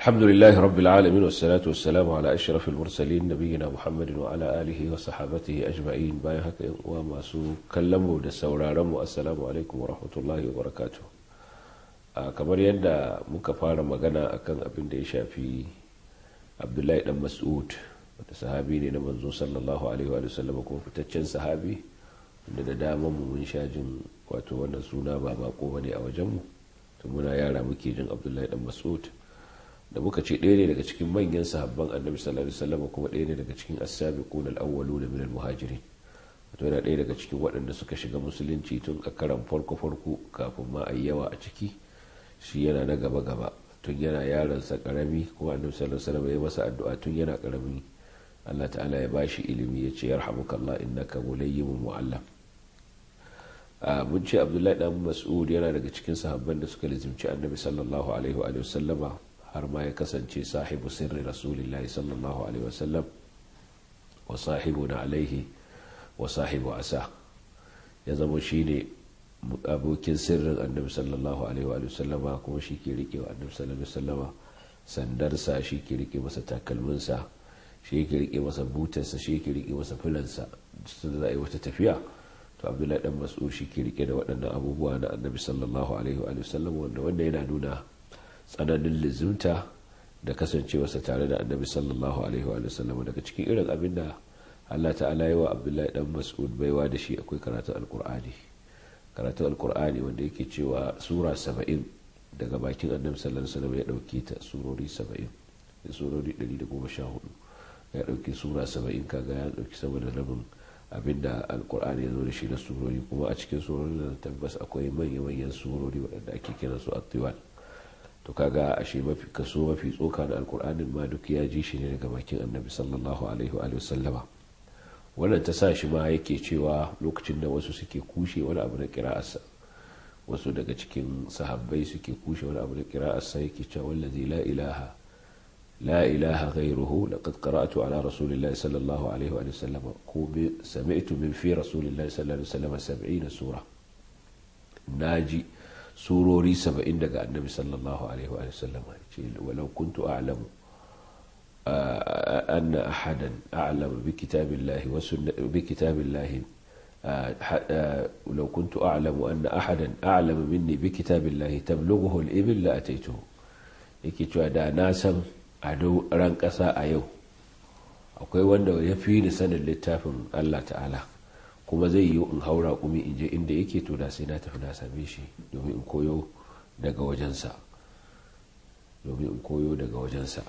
الحمد لله رب العالمين والصلاة والسلام على أشرف المرسلين نبينا محمد وعلى آله وصحابته أجمعين بايهك وما كلموا دسورا رموا السلام عليكم ورحمة الله وبركاته kamar yadda muka fara magana kan abin da ya shafi abdullahi dan mas'ud wata sahabi ne na manzo sallallahu alaihi wa sallam kuma fitaccen sahabi da da dama mu mun sha jin wato wannan suna ba bako bane a wajen mu tun muna yara muke jin abdullahi dan mas'ud da muka ce ɗaya ne daga cikin manyan sahabban annabi sallallahu alaihi wasallam kuma ɗaya ne daga cikin as-sabiqun al-awwaluna min al-muhajirin wato yana ɗaya daga cikin waɗanda suka shiga musulunci tun a karan farko farko kafin ma a yawa a ciki shi yana na gaba gaba tun yana yaron sa karami kuma annabi sallallahu alaihi wasallam ya masa addu'a tun yana karami Allah ta'ala ya bashi ilimi ya ce yarhamukallah innaka mulayyimun mu'allam mun ce abdullahi dan mas'ud yana daga cikin sahabban da suka lizimci annabi sallallahu alaihi wa sallama har ma ya kasance sahibu sirri rasulillahi sallallahu alaihi wasallam wa sahibu na alaihi wa sahibu asa ya zama shi ne abokin sirrin annabi sallallahu alaihi wasallama kuma shi ke rike wa annabi sallallahu alaihi wasallama sandarsa shi ke rike masa takalminsa shi ke rike masa butarsa shi ke rike masa filansa sun za a yi wata tafiya to abdullahi dan mas'ud shi ke rike da waɗannan abubuwa na annabi sallallahu alaihi wa sallam wanda wanda yana nuna tsananin lizimta da kasancewarsa tare da annabi sallallahu alaihi wa sallam daga cikin irin abin da Allah ta'ala yi wa abdullahi dan mas'ud baiwa da shi akwai karatun alkur'ani karatun alkur'ani wanda yake cewa sura saba'in daga bakin annabi sallallahu alaihi sallam ya dauke ta surori saba'in da surori 114 ya dauki sura saba'in kaga ya dauki saboda da al abinda alkur'ani ya zo da shi na surori kuma a cikin surorin nan tabbas akwai manya-manyan surori waɗanda ake su atiwal to kaga ashe mafi kaso mafi tsoka na alkur'anin ma duk ya ji shi ne daga bakin annabi sallallahu alaihi wa sallama wannan ta sa shi ma yake cewa lokacin da wasu suke kushe wani abu na kira'arsa wasu daga cikin sahabbai suke kushe wani abu na kira'arsa yake cewa wallazi la ilaha لا إله غيره لقد قرأت على رسول الله صلى الله عليه وآله وسلم سمعت من في رسول الله صلى الله عليه وسلم سبعين سورة ناجي surori saba'in daga annabi sallallahu alaihi wa sallam ce walau kuntu a'lamu anna ahadan a'lamu bi kitabillahi wa bi kitabillahi a'lamu كنت ahadan a'lamu minni bi kitabillahi بكتاب al تبلغه la لأتيته yake cewa da na san a ran ƙasa a yau akwai wanda ya fi ni sanin littafin Allah ta'ala kuma zai yi in haura kuma in je inda yake to da sai na tafi na same shi domin in koyo daga wajensa domin in koyo daga wajensa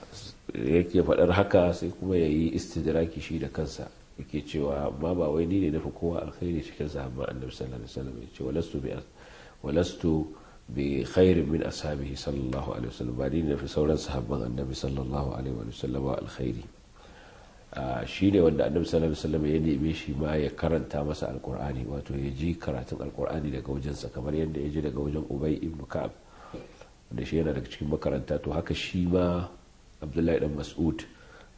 yake faɗar haka sai kuma ya yi istidraki shi da kansa yake cewa amma ba wai ni ne nafi kowa alkhairi cikin sahabban annabi sallallahu alaihi wasallam yace walastu bi walastu bi khairin min ashabihi sallallahu alaihi wasallam ba ni ne nafi sauran sahabban annabi sallallahu alaihi wasallam alkhairi shi ne wanda annabi sallallahu alaihi ya neme shi ma ya karanta masa alkur'ani wato ya ji karatun alkur'ani daga wajensa kamar yadda ya ji daga wajen ubay ibn ka'ab wanda shi yana daga cikin makaranta to haka shi ma abdullahi dan mas'ud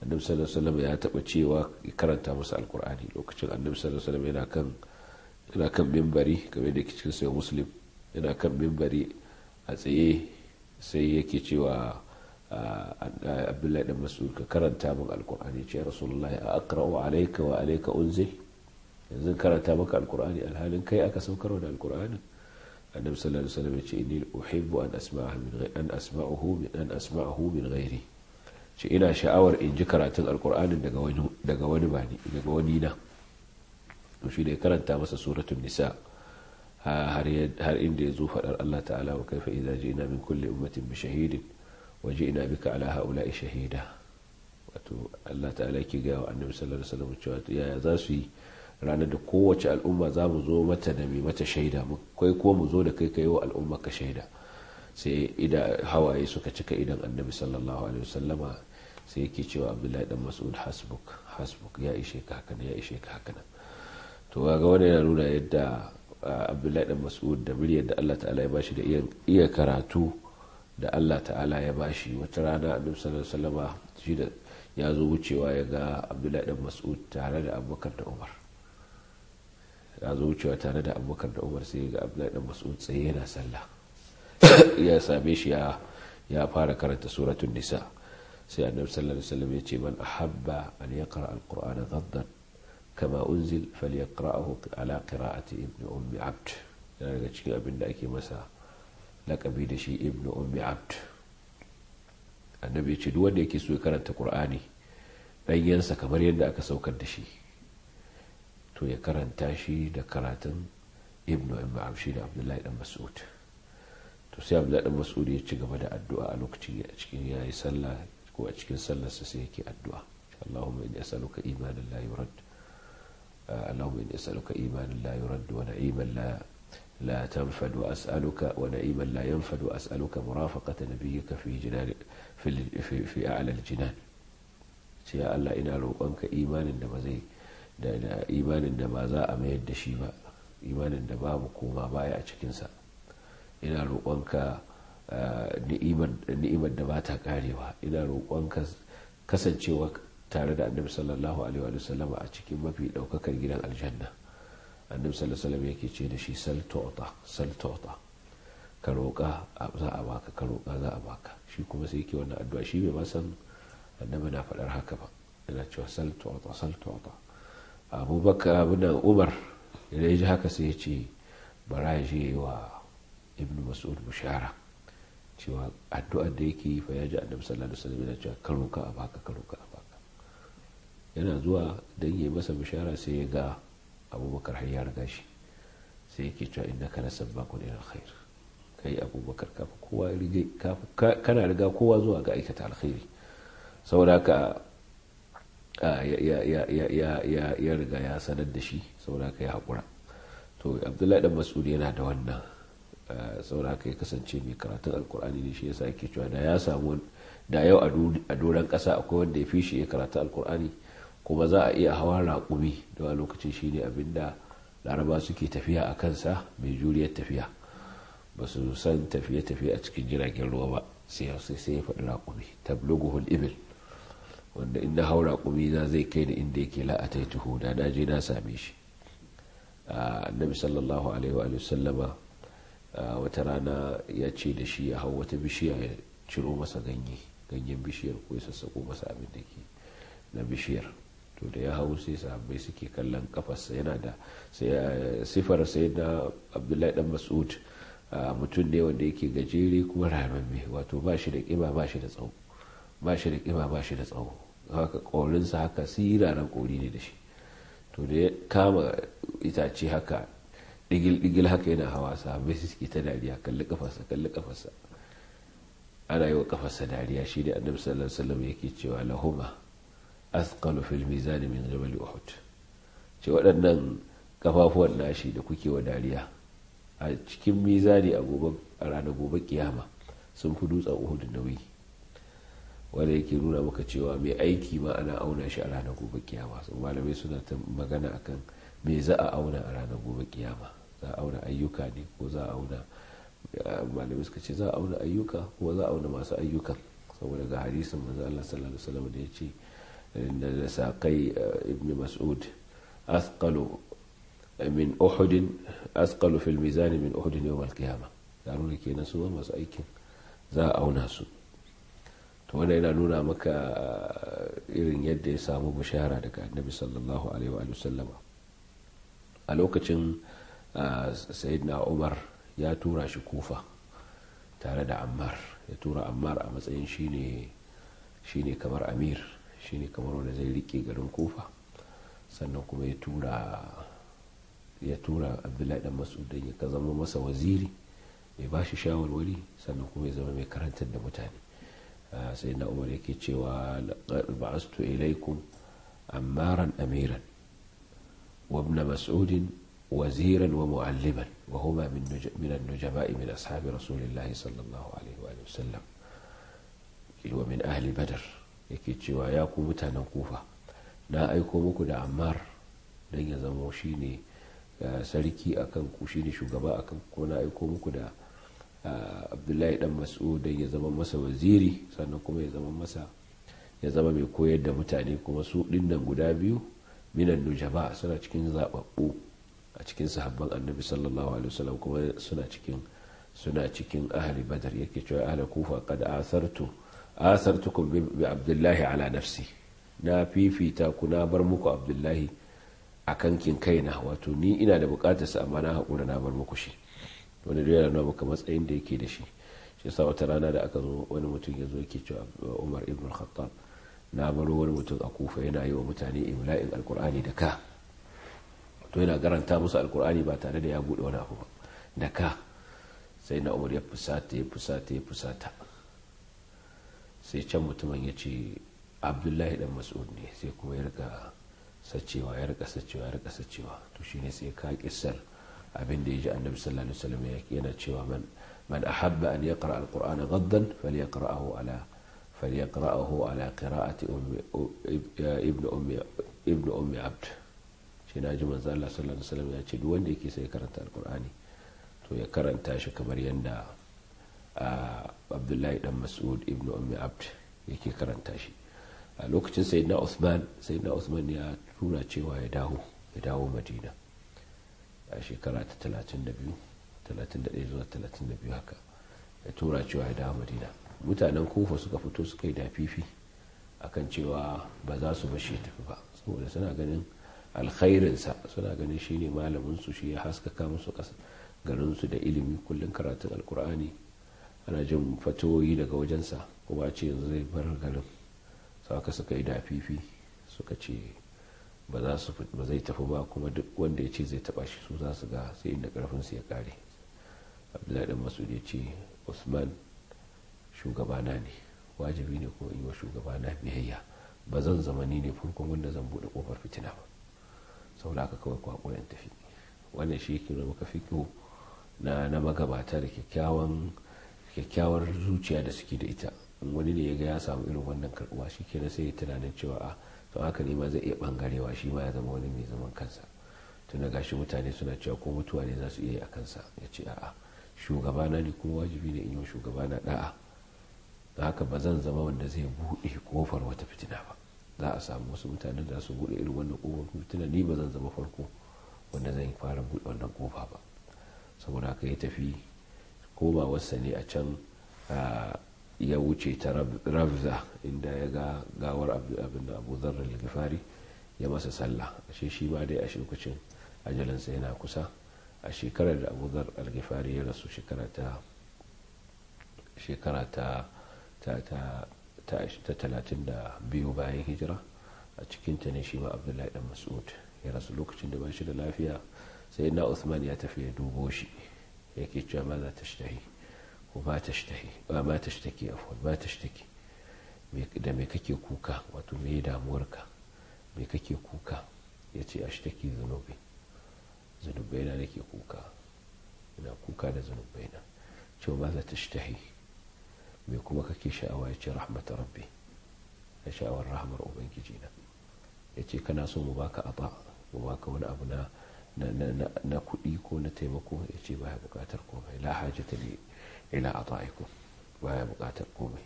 annabi sallallahu alaihi ya taba cewa ya karanta masa alkur'ani lokacin annabi sallallahu alaihi yana kan yana kan mimbari kamar da yake cikin sayyid muslim yana kan mimbari a tsaye sai yake cewa abdullahi dan mas'ud ka karanta min alkur'ani ce rasulullahi a akra'u alayka wa alayka unzil yanzu karanta maka alkur'ani alhalin kai aka saukarwa da alkur'anin annabi sallallahu alaihi wasallam ce inni uhibbu an asma'ahu min ghairi an ce ina sha'awar in ji karatun alkur'anin daga wani daga wani daga wani na to shi da karanta masa suratun nisa har inda ya zo faɗar Allah ta'ala wa kaifa idza ji'na min kulle ummatin mashahidin. waje ina bika ala haula'i shahida wato Allah ta'ala ke gaya wa annabi sallallahu alaihi wasallam cewa yaya za su yi ranar da kowace al'umma za mu zo mata da mai mata shaida mu kai ko mu zo da kai kai wa al'umma ka shaida sai ida hawaye suka cika idan annabi sallallahu alaihi wasallama sai yake cewa abdullahi dan mas'ud hasbuk hasbuk ya ishe ka haka ya ishe ka haka to ga wannan yana nuna yadda ah, abdullahi dan mas'ud da muryar da Allah ta'ala ya bashi da iya karatu da allah ta'ala ya bashi wata rana annabi sallallahu alaihi shi da ya zo wucewa ya ga abdullahi dan mas'ud tare da abubakar da umar ya zo wucewa tare da abubakar da umar sai ga abdullahi dan mas'ud tsaye yana sallah ya same shi ya fara karanta suratun nisa sai annabi sallallahu alaihi wasallam ya ce man ahabba an yaqra alqur'ana dhaddan kama unzil falyaqra'ahu ala qira'ati ibn ummi abd yana daga cikin abin da ake masa laƙabi da shi ibnu ummi abd annabi ya ce duk wanda yake so ya karanta qur'ani ɗanyensa kamar yadda aka saukar da shi to ya karanta shi da karatun ibnu ummi abd shi da abdullahi dan mas'ud to sai abdullahi dan mas'ud ya ci gaba da addu'a a lokacin a cikin yayi sallah ko a cikin sallarsa sai yake addu'a Allahumma inni as'aluka imanan la yurad اللهم إني أسألك إيمانا لا يرد ونعيما لا لا تنفد وأسألك ونعيما لا ينفد وأسألك مرافقة نبيك في جنان في, في, في أعلى الجنان يا الله إنا روقنك إيمانا دمزي إيمانا دمزاء ما يدشي imanin da babu koma baya a cikinsa ina roƙonka ni'imar da ba ta karewa ina roƙonka kasancewa tare da annabi sallallahu alaihi wa sallama a cikin mafi ɗaukakar gidan aljanna annabi sallallahu alaihi yake ce da shi sal tu'ta sal tu'ta ka roƙa za a baka ka roƙa za a baka shi kuma sai yake wannan addu'a shi bai ma san annabi na faɗar haka ba yana cewa sal tu'ta sal tu'ta abubakar abuna umar da ya ji haka sai ya ce bara ya je wa ibn mas'ud bushara cewa addu'a da yake yi fa ya ji annabi sallallahu alaihi wasallam yana cewa ka roƙa a baka ka roƙa a baka yana zuwa don yayi masa bushara sai ya ga abubakar har ya riga shi sai yake cewa inna kana sabbakun ila alkhair kai abubakar kafa kowa riga kana riga kowa zuwa ga aikata alkhairi saboda haka ya riga ya sanar da shi saboda haka ya hakura to abdullahi dan mas'ud yana da wannan saboda haka ya kasance mai karatun alkur'ani ne shi yasa yake cewa da ya samu da yau a doron ƙasa akwai wanda ya fi shi ya karatu alkur'ani kuma za a iya hawa raƙumi da a lokacin shi ne da laraba suke tafiya a kansa mai juriyar tafiya ba su san tafiye-tafiye a cikin jiragen ruwa ba sai sai ya faɗi raƙumi tabluguhul ibil wanda in na hau raƙumi za zai kai da inda yake la'atai tuho da na je na same shi annabi sallallahu alaihi wa sallama wata rana ya ce da shi ya hau wata bishiya ya ciro masa ganye ganyen bishiyar ko ya sassaƙo masa abin da ke na bishiyar to da ya hau sai sahabbai suke kallon kafarsa yana da eh, sifar sai na abdullahi dan mas'ud mutum ne wanda yake gajere kuma ramamme wato ba shi da kiba ba shi da tsawo ba shi da kiba ba shi da tsawo haka korinsa haka siraran kori ne da shi to da ya kama itace haka digil-digil haka yana hawa sahabbai suke ta dariya kalli kafarsa kalli kafarsa ana yi wa kafarsa dariya shi ne annabi sallallahu alaihi wasallam yake cewa lahuma asqalu fil mizani min jabal uhud ce waɗannan kafafuwan nashi da kuke wa dariya a cikin mizani a gobe a ranar gobe kiyama sun fi dutsen uhud nauyi wanda yake nuna maka cewa mai aiki ma ana auna shi a ranar gobe kiyama sun malamai suna ta magana akan me za a auna a ranar gobe kiyama za a auna ayyuka ne ko za a auna malamai suka ce za a auna ayyuka ko za a auna masu ayyuka saboda ga hadisin manzo Allah sallallahu alaihi wasallam da ya ce da saƙai ibn mas'ud asqalu min uhudin asqalu fil mizani min uhudin yau al ya nuna kenan su masu aikin za a auna su to wannan yana nuna maka irin yadda ya samu bishara daga annabi sallallahu alaihi wa sallama a lokacin sayyidina umar ya tura shi kufa tare da ammar ya tura ammar a matsayin shine shine kamar amir shine kamar wanda zai rike garin kofa sannan kuma ya tura ya tura abdullahi dan mas'ud dan ya zama masa waziri ya ba shi shawarwari sannan kuma ya zama mai karantar da mutane sai na umar yake cewa ba'astu ilaikum ammaran amiran wa ibn Mas'ud وزيرا ومعلما وهما من من النجباء من اصحاب رسول الله صلى الله عليه واله وسلم ومن اهل بدر yake cewa ya ku mutanen kufa na aiko muku da ammar don ya zama shi ne eh, sarki akan ku shi ne shugaba akan ko na aiko muku da eh, abdullahi dan masu don ya zama masa waziri sannan kuma ya zama masa ya zama mai koyar da mutane kuma su ɗinnan guda biyu minan nujaba suna cikin zaɓaɓɓu a cikin sahabban annabi sallallahu alaihi wasallam kuma suna cikin suna cikin ahli badar yake cewa ahli kufa kada asartu asartukum bi abdullahi ala nafsi na fifita ku na bar muku abdullahi a kankin kaina wato ni ina da bukatar sa amma na haƙura na bar muku shi wani da yana nuna matsayin da yake da shi shi yasa wata rana da aka zo wani mutum ya zo yake cewa Umar ibn Khattab na baro wani mutum a kufa yana yi wa mutane imla'in alkur'ani da ka to yana garanta musu alkur'ani ba tare da ya buɗe wani abu ba da ka sai na umar ya fusata ya fusata ya fusata sai can mutumin ya ce abdullahi dan mas'ud ne sai kuma ya rika sacewa ya rika sacewa ya rika sacewa to shine sai ka kisar abin da ya ji annabi sallallahu alaihi wasallam yana cewa man man ahabba an yaqra alquran ghaddan falyaqra'ahu ala falyaqra'ahu ala qira'ati ibn ummi ibn ummi abd shi na ji manzo Allah sallallahu alaihi wasallam ya ce duk wanda yake sai karanta alqur'ani to ya karanta shi kamar yanda abdullahi dan mas'ud ibn ummi abd yake karanta shi a lokacin sayyidina usman na usman ya tura cewa ya dawo ya dawo madina a shekara ta 32 31 zuwa 32 haka ya tura cewa ya dawo madina mutanen kufa suka fito suka yi dafifi akan cewa ba za su bashi tafi ba saboda suna ganin alkhairinsa suna ganin shine malamin su shi ya haskaka musu garinsu da ilimi kullum karatun alkur'ani ana jin fatoyi daga wajensa kuma ce yanzu zai bar garin su aka suka yi dafifi suka ce ba za su ba zai tafi ba kuma duk wanda ya ce zai taba shi su za su ga sai inda karfinsu ya kare abdullahi dan masud ya ce usman shugabana ne wajibi ne kuma yi wa shugabana biyayya ba zan zama ni ne farkon wanda zan buɗe kofar fitina ba saboda haka kawai kwakwuran tafi wannan shi yake nuna maka na na magabata da kyakkyawan kyakkyawar zuciya da suke da ita in wani ne ya ga ya samu irin wannan karbuwa shi kenan sai ya tunanin cewa a ah, to haka ne ma zai iya bangarewa shi ma ya zama wani mai zaman kansa tunda gashi mutane suna cewa ko mutuwa ne za su iya yi a kansa ya ce a'a na ne kuma wajibi ne in yi shugaba da'a da haka ba zan zama wanda zai buɗe kofar wata fitina ba za a samu wasu mutanen da su buɗe irin wannan kofar fitina ni ba zan zama farko wanda zan fara buɗe wannan kofa ba saboda haka ya tafi komawarsa ne a can ya wuce ta rafza inda ya ga gawar abin da abu da gifari ya masa sallah ashe shi ma dai a lokacin ajalinsa yana kusa a shekarar da abu zarar ya rasu shekara ta shekara ta ta talatin da biyu bayan hijira a cikinta ne shi ma abdullahi dan mas'ud ya rasu lokacin da ba shi da lafiya sai na usman ya tafi ya dubo shi يكيتشا ماذا تشتهي وما تشتهي ما تشتكي عفوا ما تشتكي da me kake kuka wato me damuwarka me kake kuka ya ce ashtaki zunubi zunubai na nake kuka ina kuka da zunubai na cewa ma za ta shtahi me kuma kake sha'awa ya ce rahmatar rabbi na sha'awar rahamar ubangiji na ya ce kana so mu baka aba mu baka wani abu na na kuɗi ko na taimako ya ce baya buƙatar komai la hajata li ila ata'ikum baya buƙatar komai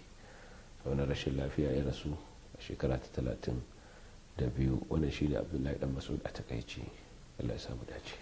sau na rashin lafiya ya rasu a shekara ta talatin da biyu wannan shine abdullahi dan mas'ud a takaici Allah ya samu dace